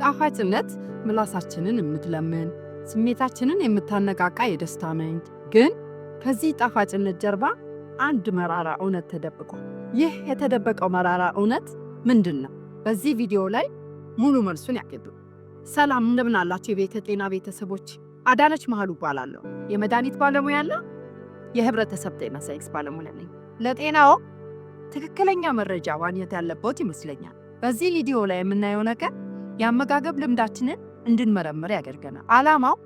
ጣፋጭነት ምላሳችንን የምትለምን ስሜታችንን የምታነቃቃ የደስታ ምንጭ። ግን ከዚህ ጣፋጭነት ጀርባ አንድ መራራ እውነት ተደብቋል። ይህ የተደበቀው መራራ እውነት ምንድን ነው? በዚህ ቪዲዮ ላይ ሙሉ መልሱን ያገኙ። ሰላም እንደምን አላችሁ? የቤተ ጤና ቤተሰቦች አዳነች መሃሉ እባላለሁ። የመድኃኒት ባለሙያና የህብረተሰብ ጤና ሳይንስ ባለሙያ ነኝ። ለጤናው ትክክለኛ መረጃ ማግኘት ያለብዎት ይመስለኛል። በዚህ ቪዲዮ ላይ የምናየው ነገር የአመጋገብ ልምዳችንን እንድንመረምር ያደርገናል። ዓላማው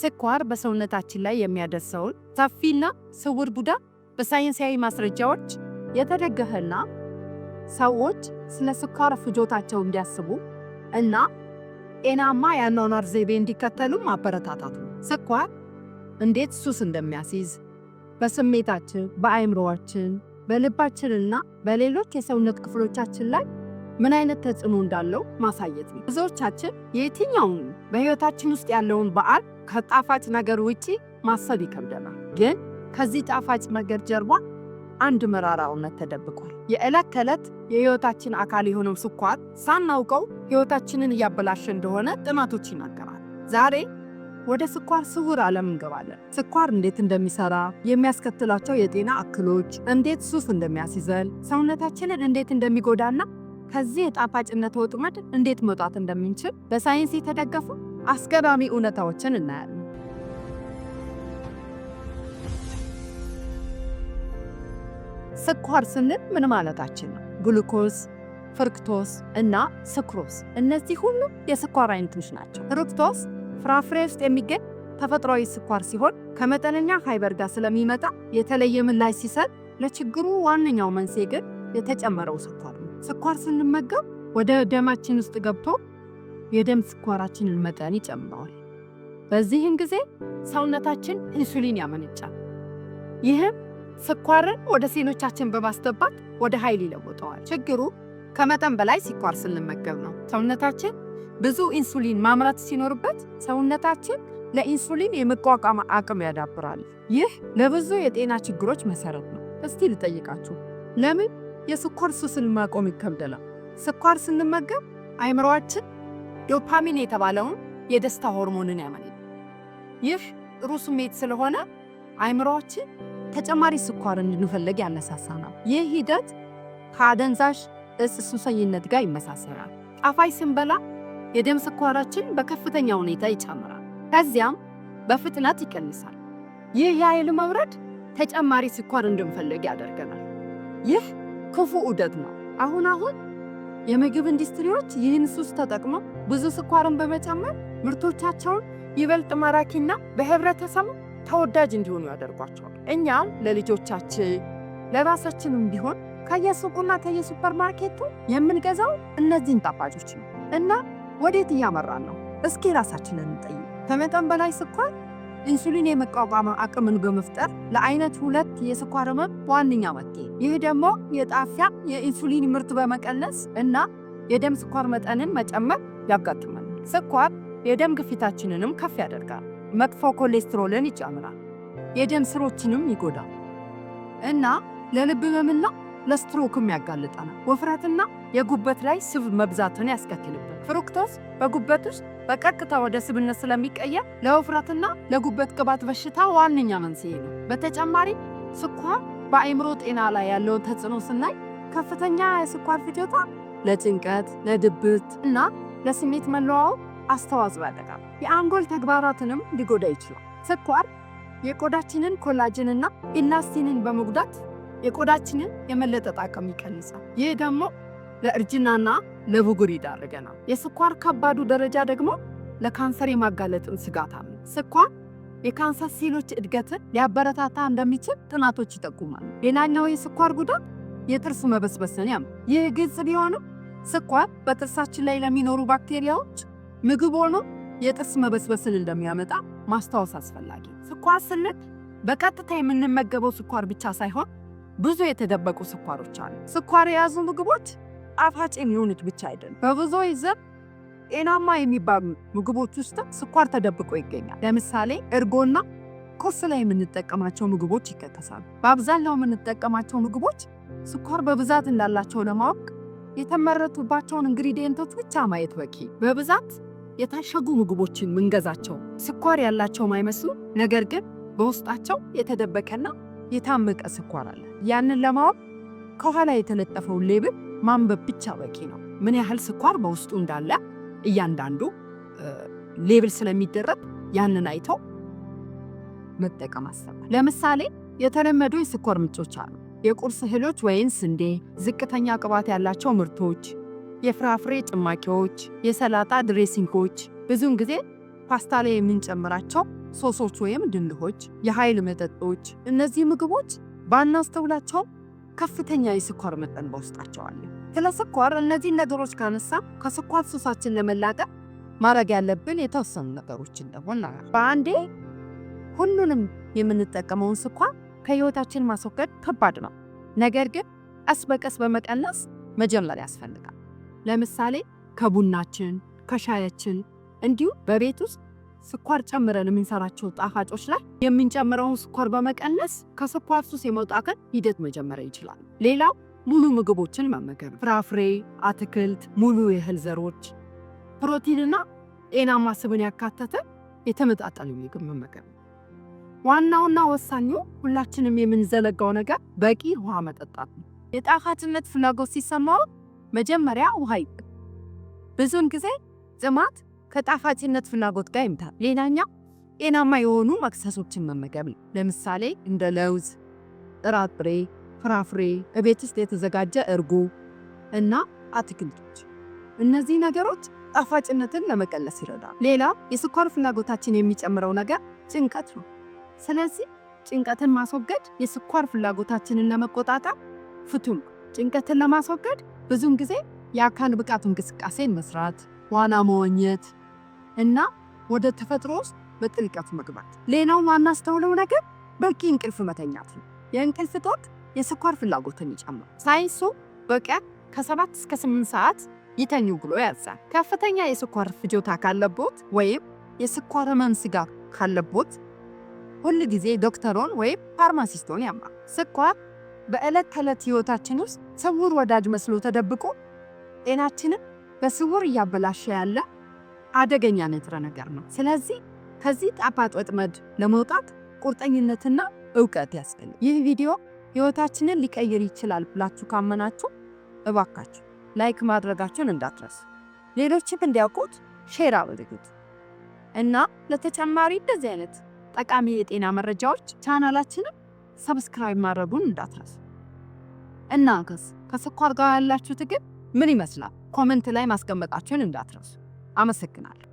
ስኳር በሰውነታችን ላይ የሚያደርሰውን ሰፊና ስውር ጉዳት በሳይንሳዊ ማስረጃዎች የተደገፈና ሰዎች ስለ ስኳር ፍጆታቸው እንዲያስቡ እና ጤናማ የአኗኗር ዘይቤ እንዲከተሉ ማበረታታቱ። ስኳር እንዴት ሱስ እንደሚያስይዝ በስሜታችን፣ በአእምሮዋችን፣ በልባችንና በሌሎች የሰውነት ክፍሎቻችን ላይ ምን አይነት ተጽዕኖ እንዳለው ማሳየት ነው። ብዙዎቻችን የትኛውን በህይወታችን ውስጥ ያለውን በዓል ከጣፋጭ ነገር ውጪ ማሰብ ይከብደናል። ግን ከዚህ ጣፋጭ ነገር ጀርባ አንድ መራራ እውነት ተደብቋል። የዕለት ተዕለት የህይወታችን አካል የሆነው ስኳር ሳናውቀው ህይወታችንን እያበላሸ እንደሆነ ጥናቶች ይናገራል። ዛሬ ወደ ስኳር ስውር ዓለም እንገባለን። ስኳር እንዴት እንደሚሰራ፣ የሚያስከትላቸው የጤና እክሎች፣ እንዴት ሱስ እንደሚያስይዘን፣ ሰውነታችንን እንዴት እንደሚጎዳና ከዚህ የጣፋጭነት ወጥመድ እንዴት መውጣት እንደምንችል በሳይንስ የተደገፉ አስገራሚ እውነታዎችን እናያለን። ስኳር ስንል ምን ማለታችን ነው? ግሉኮዝ፣ ፍርክቶስ እና ስክሮስ፣ እነዚህ ሁሉ የስኳር አይነቶች ናቸው። ፍርክቶስ ፍራፍሬ ውስጥ የሚገኝ ተፈጥሯዊ ስኳር ሲሆን ከመጠነኛ ፋይበር ጋር ስለሚመጣ የተለየ ምላሽ ሲሰጥ፣ ለችግሩ ዋነኛው መንስኤ ግን የተጨመረው ስኳር ስኳር ስንመገብ ወደ ደማችን ውስጥ ገብቶ የደም ስኳራችንን መጠን ይጨምረዋል። በዚህን ጊዜ ሰውነታችን ኢንሱሊን ያመነጫል። ይህም ስኳርን ወደ ሴኖቻችን በማስገባት ወደ ኃይል ይለውጠዋል። ችግሩ ከመጠን በላይ ስኳር ስንመገብ ነው። ሰውነታችን ብዙ ኢንሱሊን ማምረት ሲኖርበት ሰውነታችን ለኢንሱሊን የመቋቋም አቅም ያዳብራል። ይህ ለብዙ የጤና ችግሮች መሰረት ነው። እስቲ ልጠይቃችሁ ለምን የስኳር ሱስን ማቆም ይከብደላል። ስኳር ስንመገብ አይምሮአችን ዶፓሚን የተባለውን የደስታ ሆርሞንን ያመነጫል። ይህ ጥሩ ስሜት ስለሆነ አይምሮአችን ተጨማሪ ስኳር እንድንፈልግ ያነሳሳናል። ይህ ሂደት ከአደንዛዥ እጽ ሱሰኝነት ጋር ይመሳሰላል። ጣፋጭ ስንበላ የደም ስኳራችን በከፍተኛ ሁኔታ ይጨምራል፣ ከዚያም በፍጥነት ይቀንሳል። ይህ የኃይል መውረድ ተጨማሪ ስኳር እንድንፈልግ ያደርገናል። ይህ ክፉ ዑደት ነው። አሁን አሁን የምግብ ኢንዱስትሪዎች ይህን ሱስ ተጠቅመው ብዙ ስኳርን በመጨመር ምርቶቻቸውን ይበልጥ ማራኪና በህብረተሰቡ ተወዳጅ እንዲሆኑ ያደርጓቸዋል። እኛም ለልጆቻችን ለራሳችንም ቢሆን ከየሱቁና ከየሱፐርማርኬቱ የምንገዛው እነዚህን ጣፋጮች ነው እና ወዴት እያመራን ነው? እስኪ ራሳችንን እንጠይቅ። ከመጠን በላይ ስኳር ኢንሱሊን የመቋቋም አቅምን በመፍጠር ለአይነት ሁለት የስኳር ህመም ዋነኛ መፍትሄ። ይህ ደግሞ የጣፊያ የኢንሱሊን ምርት በመቀነስ እና የደም ስኳር መጠንን መጨመር ያጋጥማል። ስኳር የደም ግፊታችንንም ከፍ ያደርጋል፣ መጥፎ ኮሌስትሮልን ይጨምራል፣ የደም ስሮችንም ይጎዳል እና ለልብ ህመምና ለስትሮክም ያጋልጠናል። ውፍረትና የጉበት ላይ ስብ መብዛትን ያስከትልብን። ፍሩክቶስ በጉበት ውስጥ በቀጥታ ወደ ስብነት ስለሚቀየር ለውፍረትና ለጉበት ቅባት በሽታ ዋነኛ መንስኤ ነው። በተጨማሪ ስኳር በአእምሮ ጤና ላይ ያለውን ተጽዕኖ ስናይ ከፍተኛ የስኳር ፍጆታ ለጭንቀት፣ ለድብርት እና ለስሜት መለዋወጥ አስተዋጽኦ ያደርጋል። የአንጎል ተግባራትንም ሊጎዳ ይችላል። ስኳር የቆዳችንን ኮላጅንና ኢላስቲንን በመጉዳት የቆዳችንን የመለጠጥ አቅም ይቀንሳል። ይህ ደግሞ ለእርጅናና ለብጉር ይዳርገናል። የስኳር ከባዱ ደረጃ ደግሞ ለካንሰር የማጋለጥን ስጋት አለ። ስኳር የካንሰር ሴሎች እድገትን ሊያበረታታ እንደሚችል ጥናቶች ይጠቁማል። ሌላኛው የስኳር ጉዳት የጥርሱ መበስበስን ያም ይህ ግልጽ ቢሆንም ስኳር በጥርሳችን ላይ ለሚኖሩ ባክቴሪያዎች ምግብ ሆኖ የጥርስ መበስበስን እንደሚያመጣ ማስታወስ አስፈላጊ። ስኳር ስንል በቀጥታ የምንመገበው ስኳር ብቻ ሳይሆን ብዙ የተደበቁ ስኳሮች አሉ። ስኳር የያዙ ምግቦች ጣፋጭ የሚሆኑት ብቻ አይደለም። በብዙ ይዘት ጤናማ የሚባሉ ምግቦች ውስጥ ስኳር ተደብቆ ይገኛል። ለምሳሌ እርጎና ቁርስ ላይ የምንጠቀማቸው ምግቦች ይከተሳሉ። በአብዛኛው የምንጠቀማቸው ምግቦች ስኳር በብዛት እንዳላቸው ለማወቅ የተመረቱባቸውን ኢንግሪዲየንቶች ብቻ ማየት በቂ። በብዛት የታሸጉ ምግቦችን ምንገዛቸው ስኳር ያላቸው ማይመስሉ ነገር ግን በውስጣቸው የተደበቀና የታመቀ ስኳር አለ። ያንን ለማወቅ ከኋላ የተለጠፈውን ሌብል ማንበብ ብቻ በቂ ነው። ምን ያህል ስኳር በውስጡ እንዳለ እያንዳንዱ ሌብል ስለሚደረግ ያንን አይተው መጠቀም አሰባል። ለምሳሌ የተለመዱ የስኳር ምንጮች አሉ። የቁርስ እህሎች ወይን ስንዴ፣ ዝቅተኛ ቅባት ያላቸው ምርቶች፣ የፍራፍሬ ጭማቂዎች፣ የሰላጣ ድሬሲንጎች፣ ብዙውን ጊዜ ፓስታ ላይ የምንጨምራቸው ሶሶች ወይም ድንሆች የኃይል መጠጦች። እነዚህ ምግቦች ባናስተውላቸው ከፍተኛ የስኳር መጠን በውስጣቸው አለ። ስለ ስኳር እነዚህ ነገሮች ካነሳ ከስኳር ሱሳችን ለመላቀቅ ማድረግ ያለብን የተወሰኑ ነገሮች እንደሆን በአንዴ ሁሉንም የምንጠቀመውን ስኳር ከህይወታችን ማስወገድ ከባድ ነው። ነገር ግን ቀስ በቀስ በመቀነስ መጀመር ያስፈልጋል። ለምሳሌ ከቡናችን፣ ከሻያችን እንዲሁም በቤት ውስጥ ስኳር ጨምረን የምንሰራቸው ጣፋጮች ላይ የምንጨምረውን ስኳር በመቀነስ ከስኳር ሱስ የመውጣትን ሂደት መጀመር ይችላል። ሌላው ሙሉ ምግቦችን መመገብ፣ ፍራፍሬ፣ አትክልት፣ ሙሉ የእህል ዘሮች፣ ፕሮቲንና ጤናማ ስብን ያካተተ የተመጣጠነ ምግብ መመገብ። ዋናውና ወሳኙ ሁላችንም የምንዘነጋው ነገር በቂ ውሃ መጠጣት ነው። የጣፋጭነት ፍላጎት ሲሰማው መጀመሪያ ውሃ ይጠጡ። ብዙውን ጊዜ ጥማት ከጣፋጭነት ፍላጎት ጋር ይምታል። ሌላኛው ጤናማ የሆኑ መክሰሶችን መመገብ ነው። ለምሳሌ እንደ ለውዝ፣ ጥራጥሬ፣ ፍራፍሬ፣ እቤት ውስጥ የተዘጋጀ እርጎ እና አትክልቶች። እነዚህ ነገሮች ጣፋጭነትን ለመቀነስ ይረዳል። ሌላ የስኳር ፍላጎታችን የሚጨምረው ነገር ጭንቀት ነው። ስለዚህ ጭንቀትን ማስወገድ የስኳር ፍላጎታችንን ለመቆጣጠር ፍቱን። ጭንቀትን ለማስወገድ ብዙውን ጊዜ የአካል ብቃት እንቅስቃሴን መስራት፣ ዋና መወኘት እና ወደ ተፈጥሮ ውስጥ በጥልቀት መግባት። ሌላው ማናስተውለው ነገር በቂ እንቅልፍ መተኛት ነው። የእንቅልፍ እጦት የስኳር ፍላጎትን ይጨምራል። ሳይንሱ በቀን ከሰባት እስከ 8 ሰዓት ይተኙ ብሎ ያዛል። ከፍተኛ የስኳር ፍጆታ ካለቦት ወይም የስኳር ህመም ስጋት ካለቦት ሁል ጊዜ ዶክተሮን ወይም ፋርማሲስቶን ያማ ስኳር በዕለት ተዕለት ህይወታችን ውስጥ ስውር ወዳጅ መስሎ ተደብቆ ጤናችንን በስውር እያበላሸ ያለ አደገኛ ንጥረ ነገር ነው። ስለዚህ ከዚህ ጣፋጭ ወጥመድ ለመውጣት ቁርጠኝነትና እውቀት ያስፈልግ። ይህ ቪዲዮ ህይወታችንን ሊቀይር ይችላል ብላችሁ ካመናችሁ እባካችሁ ላይክ ማድረጋችሁን እንዳትረሱ። ሌሎችም እንዲያውቁት ሼር አድርጉት እና ለተጨማሪ እንደዚህ አይነት ጠቃሚ የጤና መረጃዎች ቻናላችንም ሰብስክራይብ ማድረጉን እንዳትረሱ። እና ከስኳር ጋር ያላችሁ ትግል ምን ይመስላል? ኮመንት ላይ ማስቀመጣችሁን እንዳትረሱ። አመሰግናለሁ።